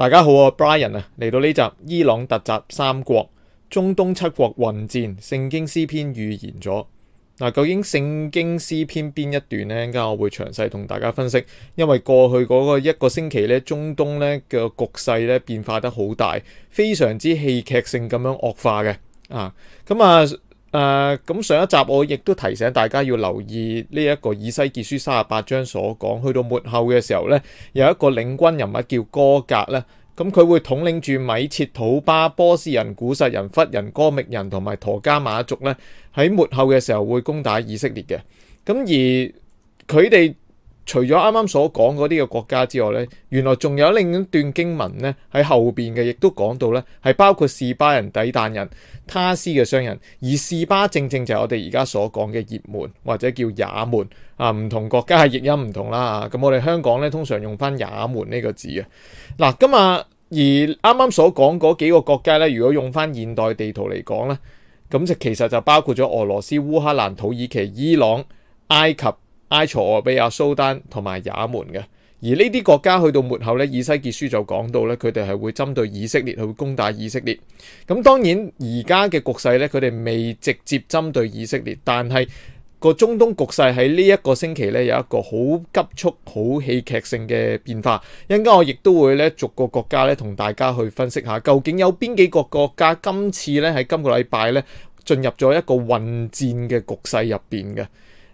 大家好啊，我係 Brian 啊，嚟到呢集伊朗突襲三國，中東七國混戰，聖經詩篇預言咗嗱，究竟聖經詩篇邊一段呢？陣間我會詳細同大家分析，因為過去嗰個一個星期呢，中東呢嘅局勢咧變化得好大，非常之戲劇性咁樣惡化嘅啊，咁啊。誒，咁上一集我亦都提醒大家要留意呢一個以西結書三十八章所講，去到末後嘅時候呢，有一個領軍人物叫哥格呢，咁佢會統領住米切土巴、波斯人、古實人、弗人、哥密人同埋陀加馬族呢，喺末後嘅時候會攻打以色列嘅，咁而佢哋。除咗啱啱所講嗰啲嘅國家之外呢，原來仲有另一段經文呢，喺後邊嘅，亦都講到呢係包括士巴人、底但人、他斯嘅商人，而士巴正正就係我哋而家所講嘅葉門或者叫也門啊，唔同國家譯音唔同啦。咁、啊、我哋香港呢，通常用翻也門呢個字啊。嗱，咁啊，而啱啱所講嗰幾個國家呢，如果用翻現代地圖嚟講呢，咁就其實就包括咗俄羅斯、烏克蘭、土耳其、伊朗、埃及。埃塞俄比亞、蘇丹同埋也門嘅，而呢啲國家去到末後咧，以西結書就講到咧，佢哋係會針對以色列去攻打以色列。咁當然而家嘅局勢咧，佢哋未直接針對以色列，但係個中東局勢喺呢一個星期咧有一個好急速、好戲劇性嘅變化。一陣間我亦都會咧逐個國家咧同大家去分析下，究竟有邊幾個國家今次咧喺今個禮拜咧進入咗一個混戰嘅局勢入邊嘅。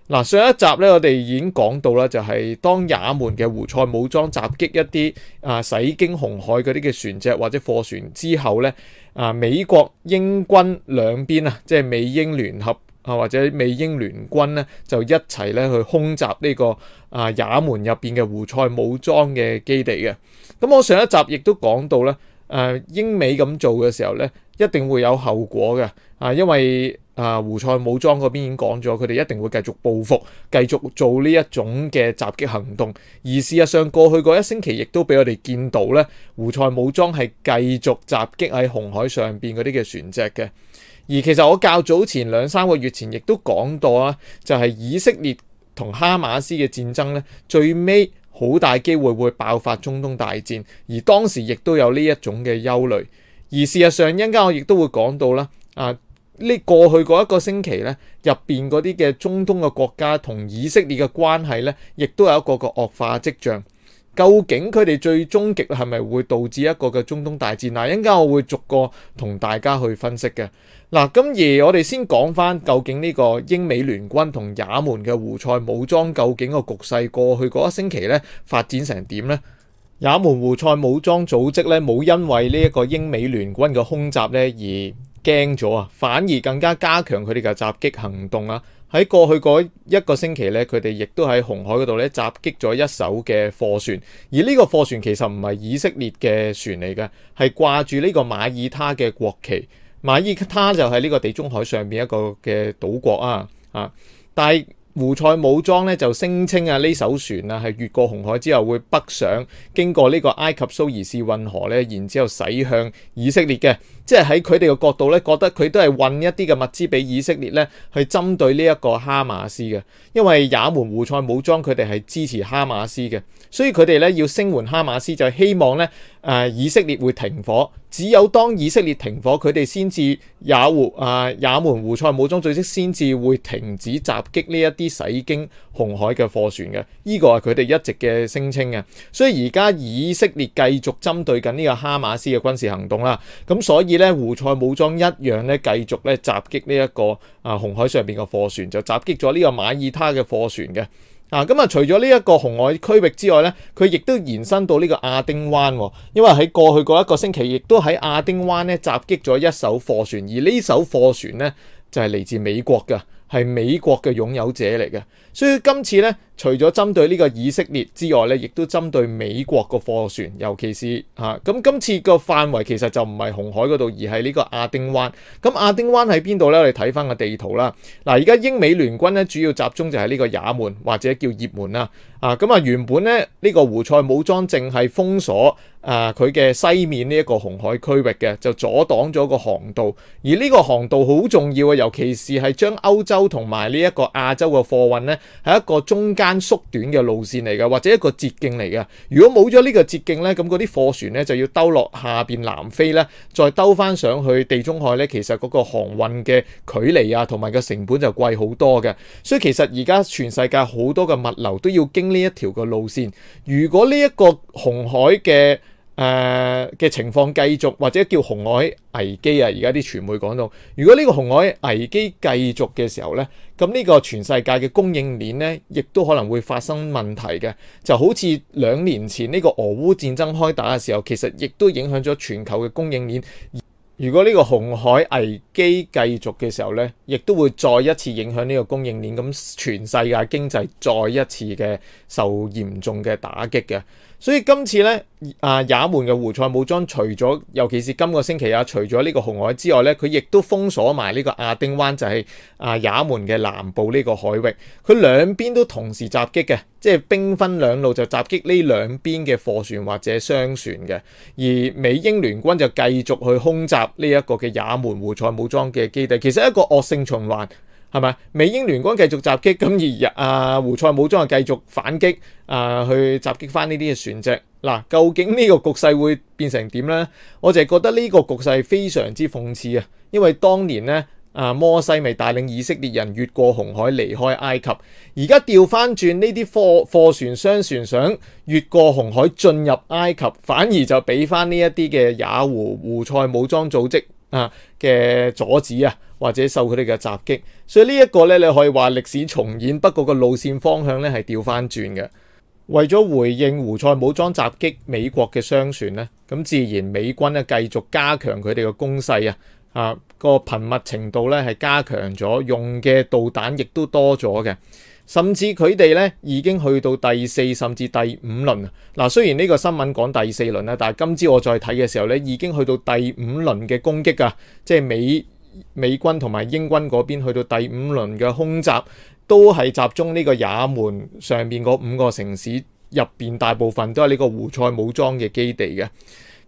嗱，上一集咧，我哋已經講到啦，就係當也門嘅胡塞武裝襲擊一啲啊，駛經紅海嗰啲嘅船隻或者貨船之後咧，啊，美國英軍兩邊啊，即係美英聯合啊，或者美英聯軍咧，就一齊咧去空襲呢個啊也門入邊嘅胡塞武裝嘅基地嘅。咁我上一集亦都講到咧，誒，英美咁做嘅時候咧，一定會有後果嘅，啊，因為。啊！胡塞武裝嗰邊已經講咗，佢哋一定會繼續報復，繼續做呢一種嘅襲擊行動。而事實上，過去嗰一星期亦都俾我哋見到咧，胡塞武裝係繼續襲擊喺紅海上邊嗰啲嘅船隻嘅。而其實我較早前兩三個月前亦都講到啊，就係以色列同哈馬斯嘅戰爭咧，最尾好大機會會爆發中東大戰。而當時亦都有呢一種嘅憂慮。而事實上，一陣間我亦都會講到啦，啊，啊！呢過去嗰一個星期呢，入邊嗰啲嘅中東嘅國家同以色列嘅關係呢，亦都有一個個惡化嘅跡象。究竟佢哋最終極係咪會導致一個嘅中東大戰？嗱，一陣間我會逐個同大家去分析嘅。嗱，咁而我哋先講翻，究竟呢個英美聯軍同也門嘅胡塞武裝究竟個局勢過去嗰一星期呢發展成點呢？也門胡塞武裝組織呢，冇因為呢一個英美聯軍嘅空襲呢而驚咗啊！反而更加加強佢哋嘅襲擊行動啊。喺過去嗰一個星期呢，佢哋亦都喺紅海嗰度呢襲擊咗一艘嘅貨船。而呢個貨船其實唔係以色列嘅船嚟嘅，係掛住呢個馬耳他嘅國旗。馬耳他就係呢個地中海上邊一個嘅島國啊啊！但係胡塞武裝呢，就聲稱啊，呢艘船啊係越過紅海之後會北上，經過呢個埃及蘇伊士運河呢，然之後駛向以色列嘅。即係喺佢哋嘅角度咧，覺得佢都係運一啲嘅物資俾以色列咧，去針對呢一個哈馬斯嘅。因為也門胡塞武裝佢哋係支持哈馬斯嘅，所以佢哋咧要聲援哈馬斯就係希望咧，誒、啊、以色列會停火。只有當以色列停火，佢哋先至也胡誒、啊、也門胡塞武裝組織先至會停止襲擊呢一啲洗經紅海嘅貨船嘅。呢、這個係佢哋一直嘅聲稱嘅。所以而家以色列繼續針對緊呢個哈馬斯嘅軍事行動啦，咁所以。咧，胡塞武裝一樣咧，繼續咧襲擊呢一個啊紅海上邊嘅貨船，就襲擊咗呢個馬爾他嘅貨船嘅。啊，咁、嗯、啊，除咗呢一個紅海區域之外咧，佢亦都延伸到呢個亞丁灣，因為喺過去嗰一個星期，亦都喺亞丁灣咧襲擊咗一艘貨船，而呢艘貨船咧就係、是、嚟自美國嘅。係美國嘅擁有者嚟嘅，所以今次呢，除咗針對呢個以色列之外呢，亦都針對美國嘅貨船，尤其是嚇咁今次個範圍其實就唔係紅海嗰度，而係呢個亞丁灣。咁亞丁灣喺邊度呢？我哋睇翻個地圖啦。嗱、啊，而家英美聯軍呢，主要集中就係呢個也門或者叫葉門啦。啊，咁啊原本呢，呢、呢個胡塞武裝淨係封鎖。啊！佢嘅西面呢一個紅海區域嘅就阻擋咗個航道，而呢個航道好重要啊，尤其是係將歐洲同埋呢一個亞洲嘅貨運呢，係一個中間縮短嘅路線嚟嘅，或者一個捷徑嚟嘅。如果冇咗呢個捷徑呢，咁嗰啲貨船呢，就要兜落下邊南非咧，再兜翻上去地中海呢。其實嗰個航運嘅距離啊同埋個成本就貴好多嘅。所以其實而家全世界好多嘅物流都要經呢一條嘅路線。如果呢一個紅海嘅誒嘅、呃、情況繼續，或者叫紅海危機啊！而家啲傳媒講到，如果呢個紅海危機繼續嘅時候呢，咁呢個全世界嘅供應鏈呢，亦都可能會發生問題嘅。就好似兩年前呢個俄烏戰爭開打嘅時候，其實亦都影響咗全球嘅供應鏈。如果呢個紅海危機繼續嘅時候呢，亦都會再一次影響呢個供應鏈，咁全世界經濟再一次嘅受嚴重嘅打擊嘅。所以今次咧啊，也門嘅胡塞武裝除咗，尤其是今個星期啊，除咗呢個紅海之外咧，佢亦都封鎖埋呢個亞丁灣，就係、是、啊也門嘅南部呢個海域，佢兩邊都同時襲擊嘅，即係兵分兩路就襲擊呢兩邊嘅貨船或者商船嘅。而美英聯軍就繼續去空襲呢一個嘅也門胡塞武裝嘅基地，其實一個惡性循環。係咪美英聯軍繼續襲擊，咁而阿、啊、胡塞武裝又繼續反擊，啊去襲擊翻呢啲嘅船隻？嗱、啊，究竟呢個局勢會變成點呢？我就覺得呢個局勢非常之諷刺啊！因為當年呢，啊摩西咪帶領以色列人越過紅海離開埃及，而家調翻轉呢啲貨貨船商船想越過紅海進入埃及，反而就俾翻呢一啲嘅也胡胡塞武裝組織。嘅阻止啊，或者受佢哋嘅襲擊，所以呢一個呢，你可以話歷史重演，不過個路線方向呢係調翻轉嘅。為咗回應胡塞武裝襲擊美國嘅商船呢，咁自然美軍呢繼續加強佢哋嘅攻勢啊，啊個頻密程度呢係加強咗，用嘅導彈亦都多咗嘅。甚至佢哋呢已經去到第四甚至第五輪啊！嗱，雖然呢個新聞講第四輪啦，但係今朝我再睇嘅時候呢，已經去到第五輪嘅攻擊啊！即係美美軍同埋英軍嗰邊去到第五輪嘅空襲，都係集中呢個也門上面嗰五個城市入邊，大部分都係呢個胡塞武裝嘅基地嘅。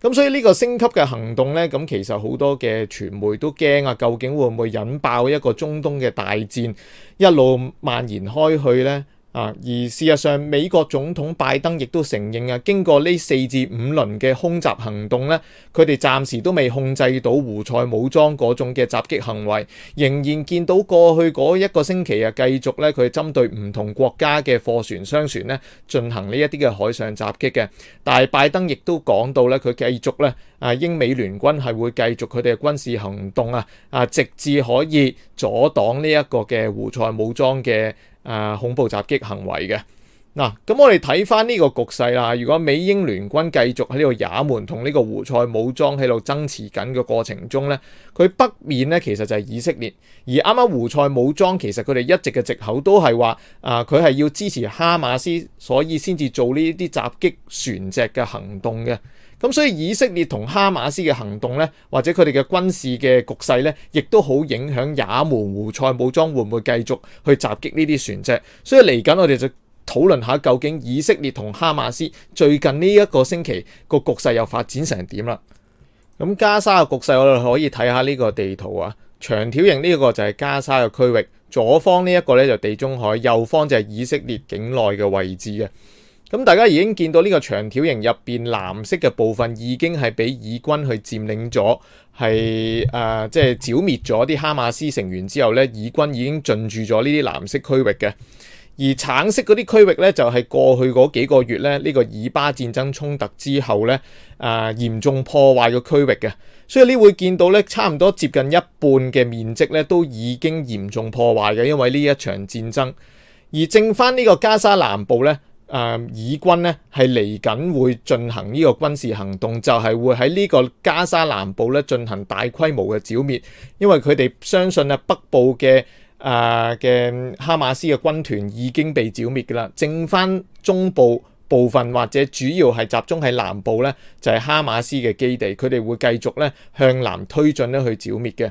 咁所以呢個升級嘅行動呢，咁其實好多嘅傳媒都驚啊，究竟會唔會引爆一個中東嘅大戰，一路蔓延開去呢？啊！而事實上，美國總統拜登亦都承認啊，經過呢四至五輪嘅空襲行動呢，佢哋暫時都未控制到胡塞武裝嗰種嘅襲擊行為，仍然見到過去嗰一個星期啊，繼續呢佢針對唔同國家嘅貨船、商船呢進行呢一啲嘅海上襲擊嘅。但係拜登亦都講到呢，佢繼續呢啊，英美聯軍係會繼續佢哋嘅軍事行動啊啊，直至可以阻擋呢一個嘅胡塞武裝嘅。啊、恐怖襲擊行為嘅嗱。咁、啊、我哋睇翻呢個局勢啦。如果美英聯軍繼續喺呢度也門同呢個胡塞武裝喺度爭持緊嘅過程中呢，佢北面呢其實就係以色列，而啱啱胡塞武裝其實佢哋一直嘅借口都係話，啊，佢係要支持哈馬斯，所以先至做呢啲襲擊船隻嘅行動嘅。咁所以以色列同哈馬斯嘅行動呢，或者佢哋嘅軍事嘅局勢呢，亦都好影響也門胡塞武裝會唔會繼續去襲擊呢啲船隻。所以嚟緊我哋就討論下究竟以色列同哈馬斯最近呢一個星期個局勢又發展成點啦。咁加沙嘅局勢我哋可以睇下呢個地圖啊，長條形呢個就係加沙嘅區域，左方呢一個呢，就地中海，右方就係以色列境內嘅位置嘅。咁大家已經見到呢個長條形入邊藍色嘅部分已經係俾以軍去佔領咗，係，誒、即係剿滅咗啲哈馬斯成員之後呢，以軍已經進駐咗呢啲藍色區域嘅。而橙色嗰啲區域呢，就係、是、過去嗰幾個月呢，呢、這個以巴戰爭衝突之後呢，誒、呃、嚴重破壞嘅區域嘅，所以呢會見到呢，差唔多接近一半嘅面積呢，都已經嚴重破壞嘅，因為呢一場戰爭。而剩翻呢個加沙南部呢。誒、呃，以軍咧係嚟緊會進行呢個軍事行動，就係、是、會喺呢個加沙南部咧進行大規模嘅剿滅，因為佢哋相信咧北部嘅誒嘅哈馬斯嘅軍團已經被剿滅㗎喇，剩返中部部分或者主要係集中喺南部呢，就係、是、哈馬斯嘅基地，佢哋會繼續呢向南推進咧去剿滅嘅。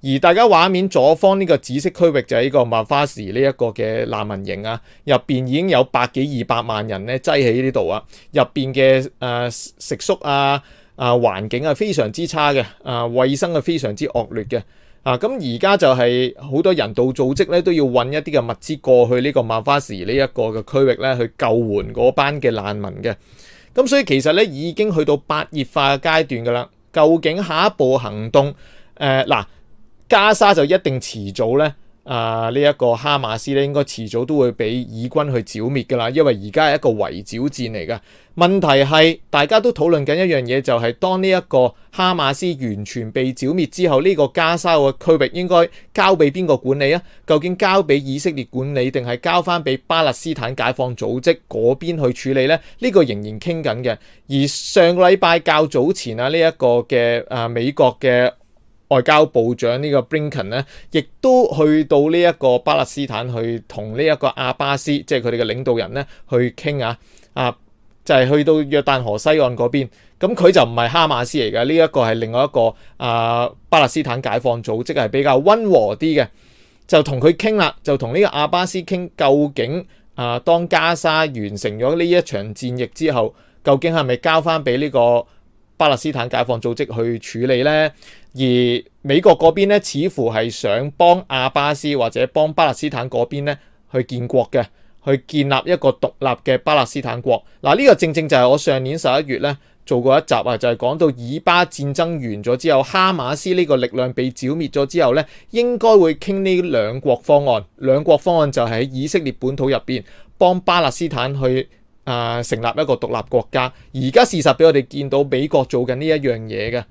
而大家畫面左方呢個紫色區域就係呢個萬花時呢一個嘅難民營啊，入邊已經有百幾二百萬人咧擠喺呢度啊。入邊嘅誒食宿啊啊環境啊非常之差嘅啊，衛生啊非常之惡劣嘅啊。咁而家就係好多人道組織咧都要揾一啲嘅物資過去呢個萬花時呢一個嘅區域咧去救援嗰班嘅難民嘅。咁、啊、所以其實咧已經去到白熱化階段噶啦。究竟下一步行動誒嗱？呃加沙就一定遲早呢？啊呢一個哈馬斯咧應該遲早都會俾以軍去剿滅噶啦，因為而家係一個圍剿戰嚟噶。問題係大家都討論緊一樣嘢，就係當呢一個哈馬斯完全被剿滅之後，呢個加沙嘅區域應該交俾邊個管理啊？究竟交俾以色列管理，定係交翻俾巴勒斯坦解放組織嗰邊去處理呢？呢個仍然傾緊嘅。而上個禮拜較早前啊，呢一個嘅啊美國嘅外交部長呢個 Blinken 呢，亦都去到呢一個巴勒斯坦去同呢一個阿巴斯，即係佢哋嘅領導人呢去傾啊，啊就係去到約旦河西岸嗰邊，咁佢就唔係哈馬斯嚟嘅，呢一個係另外一個啊巴勒斯坦解放組織係比較溫和啲嘅，就同佢傾啦，就同呢個阿巴斯傾，究竟啊當加沙完成咗呢一場戰役之後，究竟係咪交翻俾呢個巴勒斯坦解放組織去處理呢，而美國嗰邊咧，似乎係想幫阿巴斯或者幫巴勒斯坦嗰邊咧去建國嘅，去建立一個獨立嘅巴勒斯坦國。嗱、啊，呢、呢個正正就係我上年十一月呢做過一集啊，就係、是、講到以巴戰爭完咗之後，哈馬斯呢個力量被剿滅咗之後呢，應該會傾呢兩國方案。兩國方案就係喺以色列本土入邊幫巴勒斯坦去。啊、呃！成立一個獨立國家，而家事實俾我哋見到美國做緊呢一樣嘢，嘅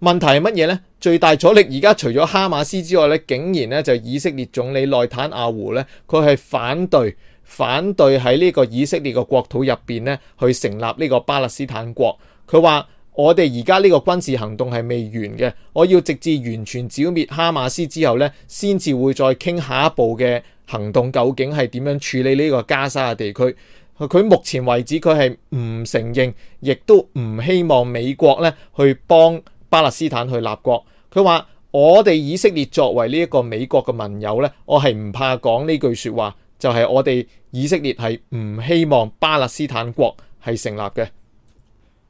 問題係乜嘢呢？最大阻力而家除咗哈馬斯之外咧，竟然咧就以色列總理內坦亞胡咧，佢係反對反對喺呢個以色列個國土入邊咧去成立呢個巴勒斯坦國。佢話：我哋而家呢個軍事行動係未完嘅，我要直至完全剿滅哈馬斯之後咧，先至會再傾下一步嘅行動，究竟係點樣處理呢個加沙嘅地區？佢目前為止，佢係唔承認，亦都唔希望美國呢去幫巴勒斯坦去立國。佢話：我哋以色列作為呢一個美國嘅盟友呢，我係唔怕講呢句説話，就係、是、我哋以色列係唔希望巴勒斯坦國係成立嘅。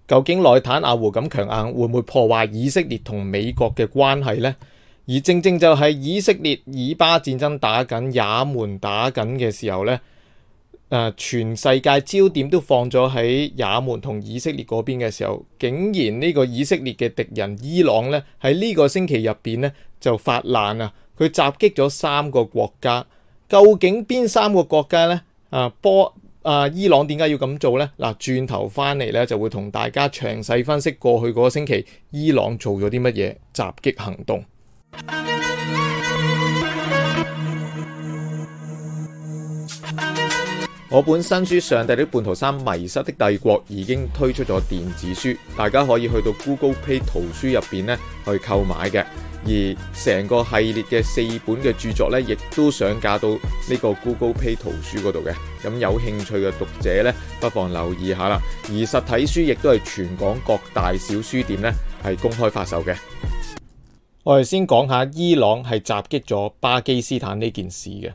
究竟內坦亞胡咁強硬，會唔會破壞以色列同美國嘅關係呢？而正正就係以色列以巴戰爭打緊、也門打緊嘅時候呢。啊、全世界焦點都放咗喺也門同以色列嗰邊嘅時候，竟然呢個以色列嘅敵人伊朗呢喺呢個星期入邊呢就發難啊！佢襲擊咗三個國家，究竟邊三個國家呢？啊波啊，伊朗點解要咁做呢？嗱、啊，轉頭翻嚟，呢就會同大家詳細分析過去嗰個星期伊朗做咗啲乜嘢襲擊行動。我本新書《上帝的叛徒 III 迷失的帝國》已經推出咗電子書，大家可以去到 Google Play 圖書入邊咧去購買嘅。而成個系列嘅四本嘅著作咧，亦都上架到呢個 Google Play 圖書嗰度嘅。咁有興趣嘅讀者咧，不妨留意下啦。而實體書亦都係全港各大小書店咧係公開發售嘅。我哋先講下伊朗係襲擊咗巴基斯坦呢件事嘅。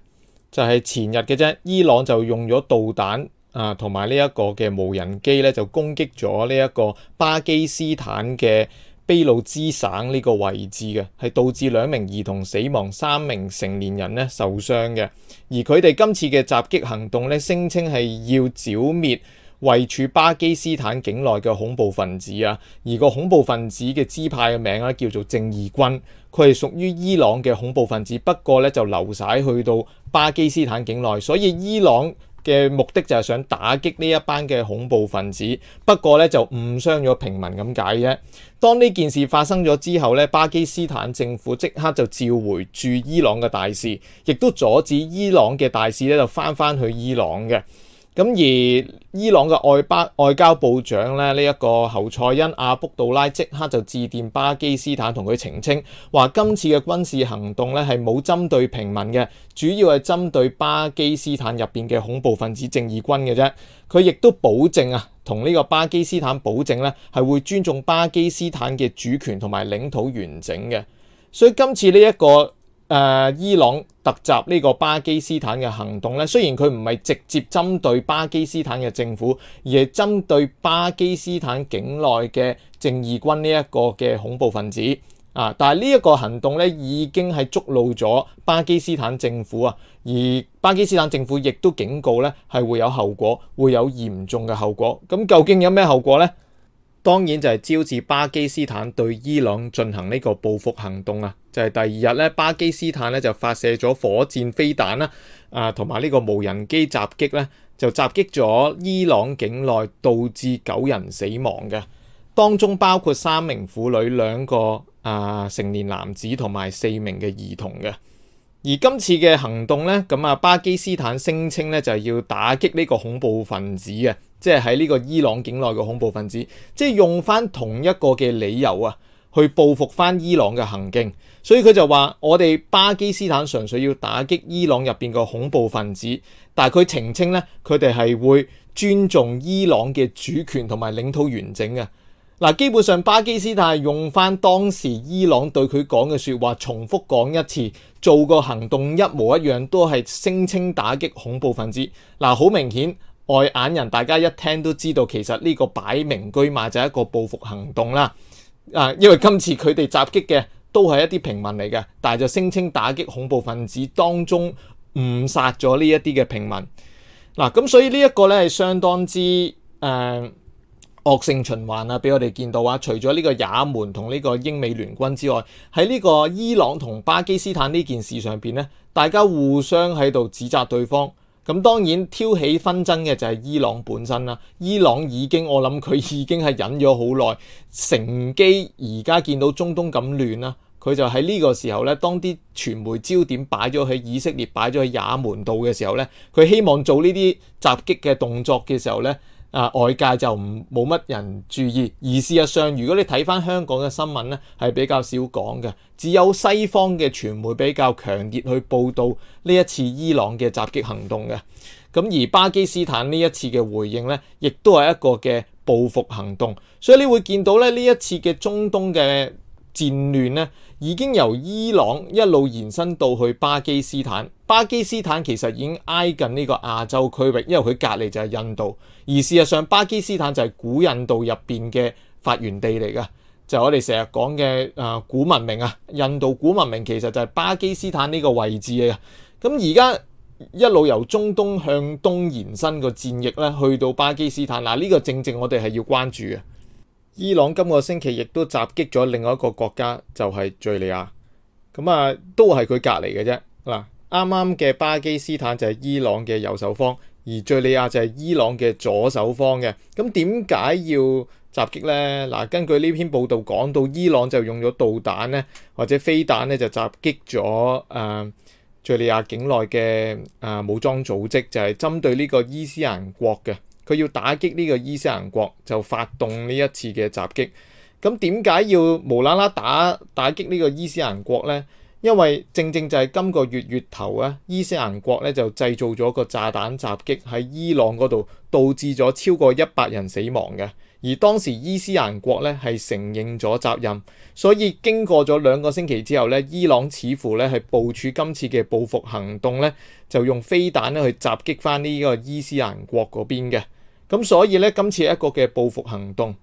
就係前日嘅啫，伊朗就用咗導彈啊，同埋呢一個嘅無人機咧，就攻擊咗呢一個巴基斯坦嘅俾路支省呢個位置嘅，係導致兩名兒童死亡，三名成年人咧受傷嘅。而佢哋今次嘅襲擊行動咧，聲稱係要剿滅。位處巴基斯坦境內嘅恐怖分子啊，而個恐怖分子嘅支派嘅名咧叫做正義軍，佢係屬於伊朗嘅恐怖分子，不過咧就流晒去到巴基斯坦境內，所以伊朗嘅目的就係想打擊呢一班嘅恐怖分子，不過咧就誤傷咗平民咁解啫。當呢件事發生咗之後咧，巴基斯坦政府即刻就召回駐伊朗嘅大使，亦都阻止伊朗嘅大使咧就翻返去伊朗嘅。咁而伊朗嘅外巴外交部長咧呢一個侯賽因阿卜杜拉即刻就致電巴基斯坦同佢澄清，話，今次嘅軍事行動咧係冇針對平民嘅，主要係針對巴基斯坦入邊嘅恐怖分子正義軍嘅啫。佢亦都保證啊，同呢個巴基斯坦保證咧係會尊重巴基斯坦嘅主權同埋領土完整嘅。所以今次呢一個。誒、呃、伊朗突襲呢個巴基斯坦嘅行動咧，雖然佢唔係直接針對巴基斯坦嘅政府，而係針對巴基斯坦境內嘅正義軍呢一個嘅恐怖分子啊，但係呢一個行動咧已經係觸怒咗巴基斯坦政府啊，而巴基斯坦政府亦都警告呢係會有後果，會有嚴重嘅後果。咁究竟有咩後果呢？當然就係招致巴基斯坦對伊朗進行呢個報復行動啊！就係第二日咧，巴基斯坦咧就發射咗火箭飛彈啦，啊同埋呢個無人機襲擊咧，就襲擊咗伊朗境內，導致九人死亡嘅，當中包括三名婦女、兩個啊成年男子同埋四名嘅兒童嘅。而今次嘅行動咧，咁啊巴基斯坦聲稱咧就係要打擊呢個恐怖分子嘅。即係喺呢個伊朗境內嘅恐怖分子，即係用翻同一個嘅理由啊，去報復翻伊朗嘅行徑。所以佢就話：我哋巴基斯坦純粹要打擊伊朗入邊嘅恐怖分子，但係佢澄清呢，佢哋係會尊重伊朗嘅主權同埋領土完整嘅。嗱，基本上巴基斯坦用翻當時伊朗對佢講嘅説話，重複講一次，做個行動一模一樣，都係聲稱打擊恐怖分子。嗱、嗯，好明顯。外眼人，大家一聽都知道，其實呢個擺明居馬就係一個報復行動啦。啊，因為今次佢哋襲擊嘅都係一啲平民嚟嘅，但係就聲稱打擊恐怖分子，當中誤殺咗呢一啲嘅平民。嗱、啊，咁所以呢一個呢係相當之誒、呃、惡性循環啊，俾我哋見到啊。除咗呢個也門同呢個英美聯軍之外，喺呢個伊朗同巴基斯坦呢件事上邊呢，大家互相喺度指責對方。咁當然挑起紛爭嘅就係伊朗本身啦。伊朗已經，我諗佢已經係忍咗好耐，乘機而家見到中東咁亂啦，佢就喺呢個時候呢，當啲傳媒焦點擺咗去以色列，擺咗去也門度嘅時候呢，佢希望做呢啲襲擊嘅動作嘅時候呢。啊，外界就唔冇乜人注意，而事實上，如果你睇翻香港嘅新聞呢，係比較少講嘅，只有西方嘅傳媒比較強烈去報導呢一次伊朗嘅襲擊行動嘅。咁而巴基斯坦呢一次嘅回應呢，亦都係一個嘅報復行動，所以你會見到咧，呢一次嘅中東嘅戰亂呢，已經由伊朗一路延伸到去巴基斯坦。巴基斯坦其實已經挨近呢個亞洲區域，因為佢隔離就係印度，而事實上巴基斯坦就係古印度入邊嘅發源地嚟噶，就係我哋成日講嘅誒古文明啊。印度古文明其實就係巴基斯坦呢個位置嚟噶。咁而家一路由中東向東延伸個戰役咧，去到巴基斯坦嗱，呢個正正我哋係要關注啊。伊朗今個星期亦都襲擊咗另外一個國家，就係敍利亞，咁啊都係佢隔離嘅啫嗱。啱啱嘅巴基斯坦就係伊朗嘅右手方，而敍利亞就係伊朗嘅左手方嘅。咁點解要襲擊呢？嗱，根據呢篇報導講到，伊朗就用咗導彈呢，或者飛彈呢，就襲擊咗誒敍利亞境內嘅啊武裝組織，就係針對呢個伊斯蘭國嘅。佢要打擊呢個伊斯蘭國，就發動呢一次嘅襲擊。咁點解要無啦啦打打擊呢個伊斯蘭國呢？因為正正就係今個月月頭咧，伊斯蘭國咧就製造咗個炸彈襲擊喺伊朗嗰度，導致咗超過一百人死亡嘅。而當時伊斯蘭國咧係承認咗責任，所以經過咗兩個星期之後咧，伊朗似乎咧係部署今次嘅報復行動咧，就用飛彈咧去襲擊翻呢個伊斯蘭國嗰邊嘅。咁所以咧，今次一個嘅報復行動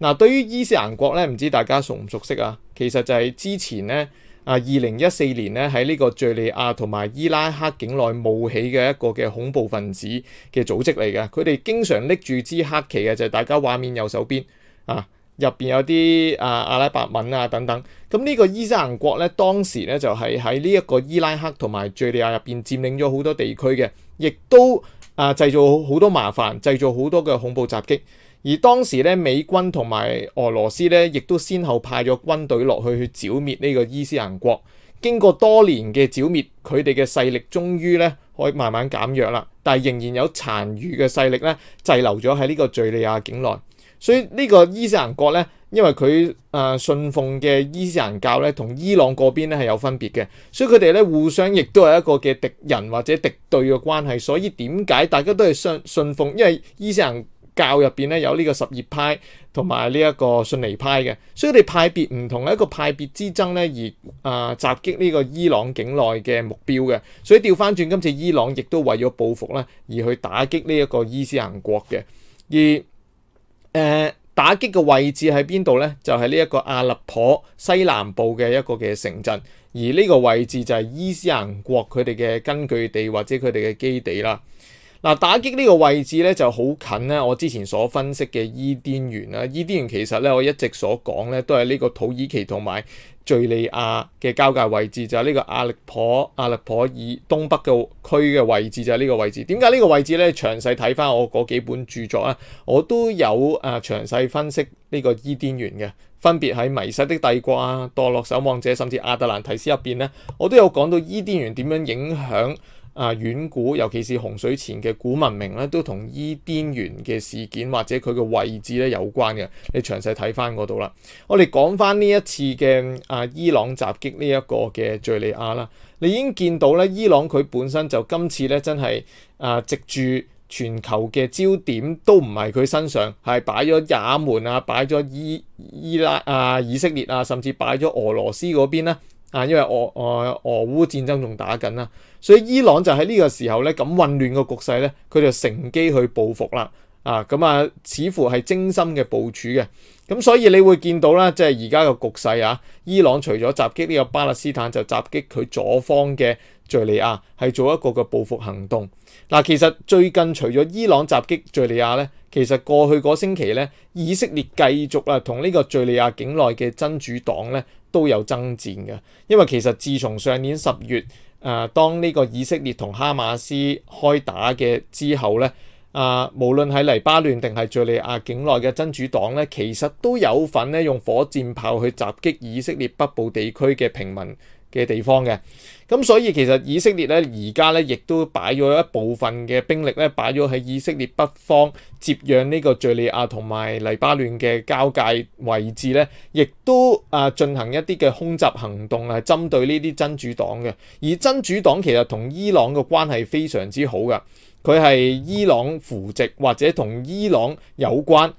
嗱、啊，對於伊斯蘭國咧，唔知大家熟唔熟悉啊？其實就係之前咧。啊！二零一四年咧，喺呢個敘利亞同埋伊拉克境內冒起嘅一個嘅恐怖分子嘅組織嚟嘅，佢哋經常拎住支黑旗嘅，就係、是、大家畫面右手邊啊，入邊有啲啊阿拉伯文啊等等。咁、啊、呢、這個伊沙蘭國咧，當時咧就係喺呢一個伊拉克同埋敘利亞入邊佔領咗好多地區嘅，亦都啊製造好多麻煩，製造好多嘅恐怖襲擊。而當時咧，美軍同埋俄羅斯咧，亦都先後派咗軍隊落去去剿滅呢個伊斯蘭國。經過多年嘅剿滅，佢哋嘅勢力終於咧可以慢慢減弱啦。但係仍然有殘餘嘅勢力咧，滯留咗喺呢個敘利亞境內。所以呢個伊斯蘭國咧，因為佢誒、呃、信奉嘅伊斯蘭教咧，同伊朗嗰邊咧係有分別嘅，所以佢哋咧互相亦都係一個嘅敵人或者敵對嘅關係。所以點解大家都係信信奉？因為伊斯蘭教入邊咧有呢個什葉派同埋呢一個遜尼派嘅，所以佢哋派別唔同，一個派別之爭咧，而啊，襲擊呢個伊朗境內嘅目標嘅，所以調翻轉，今次伊朗亦都為咗報復咧，而去打擊呢一個伊斯蘭國嘅，而誒、呃、打擊嘅位置喺邊度呢？就係呢一個阿勒頗西南部嘅一個嘅城鎮，而呢個位置就係伊斯蘭國佢哋嘅根據地或者佢哋嘅基地啦。嗱，打擊呢個位置咧就好近咧，我之前所分析嘅伊甸園啦，伊甸園其實咧我一直所講咧都係呢個土耳其同埋敍利亞嘅交界位置，就係呢個阿力婆阿力婆爾東北嘅區嘅位置就係呢個位置。點解呢個位置咧？詳細睇翻我嗰幾本著作啊，我都有誒詳細分析呢個伊甸園嘅，分別喺《迷失的帝國》啊，《墮落守望者》甚至《亞特蘭提斯》入邊咧，我都有講到伊甸園點樣影響。啊，遠古尤其是洪水前嘅古文明咧，都同伊邊緣嘅事件或者佢嘅位置咧有關嘅。你詳細睇翻嗰度啦。我哋講翻呢一次嘅啊伊朗襲擊呢一個嘅敍利亞啦，你已經見到咧，伊朗佢本身就今次咧真係啊，藉住全球嘅焦點都唔係佢身上，係擺咗也門啊，擺咗伊伊拉啊以色列啊，甚至擺咗俄羅斯嗰邊。啊，因為俄、呃、俄俄烏戰爭仲打緊啦，所以伊朗就喺呢個時候咧咁混亂嘅局勢咧，佢就乘機去報復啦。啊，咁啊，似乎係精心嘅部署嘅。咁、啊、所以你會見到啦。即係而家嘅局勢啊，伊朗除咗襲擊呢個巴勒斯坦，就襲擊佢左方嘅敘利亞，係做一個嘅報復行動。嗱、啊，其實最近除咗伊朗襲擊敘利亞咧，其實過去嗰星期咧，以色列繼續啊同呢個敘利亞境內嘅真主黨咧，都有爭戰嘅，因為其實自從上年十月啊、呃，當呢個以色列同哈馬斯開打嘅之後呢，啊、呃，無論係黎巴嫩定係敘利亞境內嘅真主黨呢，其實都有份呢，用火箭炮去襲擊以色列北部地區嘅平民。嘅地方嘅，咁所以其實以色列咧而家咧亦都擺咗一部分嘅兵力咧，擺咗喺以色列北方接壤呢個敘利亞同埋黎巴嫩嘅交界位置咧，亦都啊進行一啲嘅空襲行動，係針對呢啲真主黨嘅。而真主黨其實同伊朗嘅關係非常之好嘅，佢係伊朗扶植或者同伊朗有關，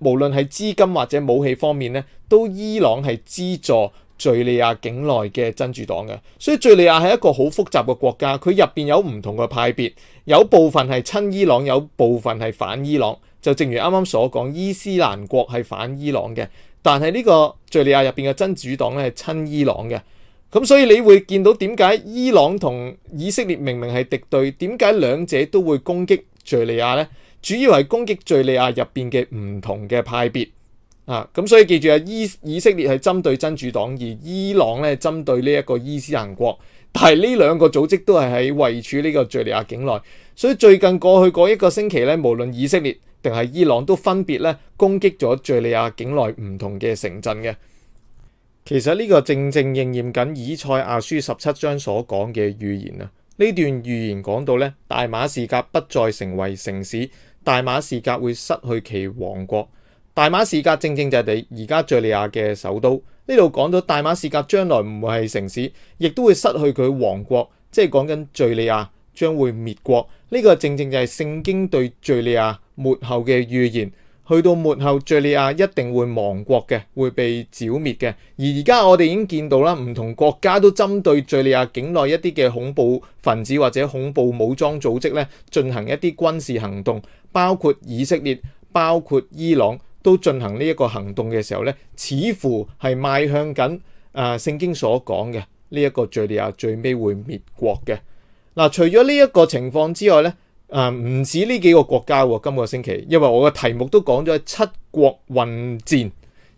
無論係資金或者武器方面咧，都伊朗係資助。敘利亞境內嘅真主黨嘅，所以敘利亞係一個好複雜嘅國家，佢入邊有唔同嘅派別，有部分係親伊朗，有部分係反伊朗。就正如啱啱所講，伊斯蘭國係反伊朗嘅，但係呢個敘利亞入邊嘅真主黨咧係親伊朗嘅，咁所以你會見到點解伊朗同以色列明明係敵對，點解兩者都會攻擊敘利亞呢？主要係攻擊敘利亞入邊嘅唔同嘅派別。啊，咁所以記住啊，以以色列係針對真主黨，而伊朗咧針對呢一個伊斯蘭國，但係呢兩個組織都係喺位處呢個敘利亞境內，所以最近過去嗰一個星期咧，無論以色列定係伊朗都分別咧攻擊咗敘利亞境內唔同嘅城鎮嘅。其實呢個正正應驗緊以賽亞書十七章所講嘅預言啊，呢段預言講到咧，大馬士革不再成為城市，大馬士革會失去其王國。大馬士革正正就係地而家敍利亞嘅首都。呢度講到大馬士革將來唔會係城市，亦都會失去佢王國。即係講緊敍利亞將會滅國。呢個正正就係聖經對敍利亞末後嘅預言。去到末後，敍利亞一定會亡國嘅，會被剿滅嘅。而而家我哋已經見到啦，唔同國家都針對敍利亞境內一啲嘅恐怖分子或者恐怖武裝組織咧，進行一啲軍事行動，包括以色列、包括伊朗。都進行呢一個行動嘅時候呢，似乎係邁向緊啊聖經所講嘅呢一個敍利亞最尾會滅國嘅。嗱、呃，除咗呢一個情況之外呢，啊、呃、唔止呢幾個國家喎、哦，今、這個星期因為我嘅題目都講咗七國混戰，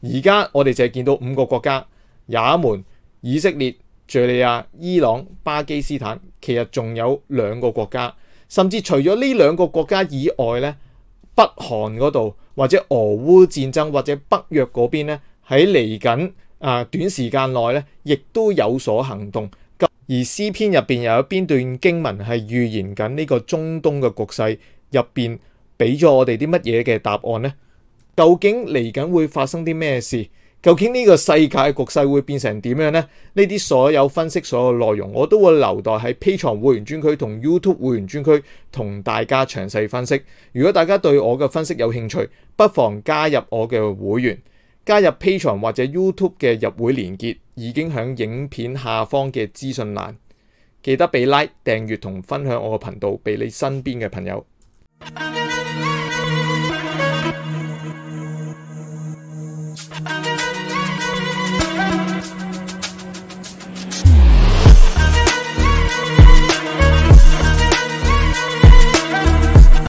而家我哋淨係見到五個國家：也門、以色列、敍利亞、伊朗、巴基斯坦。其實仲有兩個國家，甚至除咗呢兩個國家以外呢，北韓嗰度。或者俄烏戰爭，或者北約嗰邊咧，喺嚟緊啊短時間內咧，亦都有所行動。而詩篇入邊又有邊段經文係預言緊呢個中東嘅局勢入邊，俾咗我哋啲乜嘢嘅答案呢？究竟嚟緊會發生啲咩事？究竟呢個世界局勢會變成點樣呢？呢啲所有分析、所有內容，我都會留待喺 Patreon 會員專區同 YouTube 會員專區同大家詳細分析。如果大家對我嘅分析有興趣，不妨加入我嘅會員。加入 Patreon 或者 YouTube 嘅入會連結已經響影片下方嘅資訊欄。記得俾 like、訂閱同分享我嘅頻道俾你身邊嘅朋友。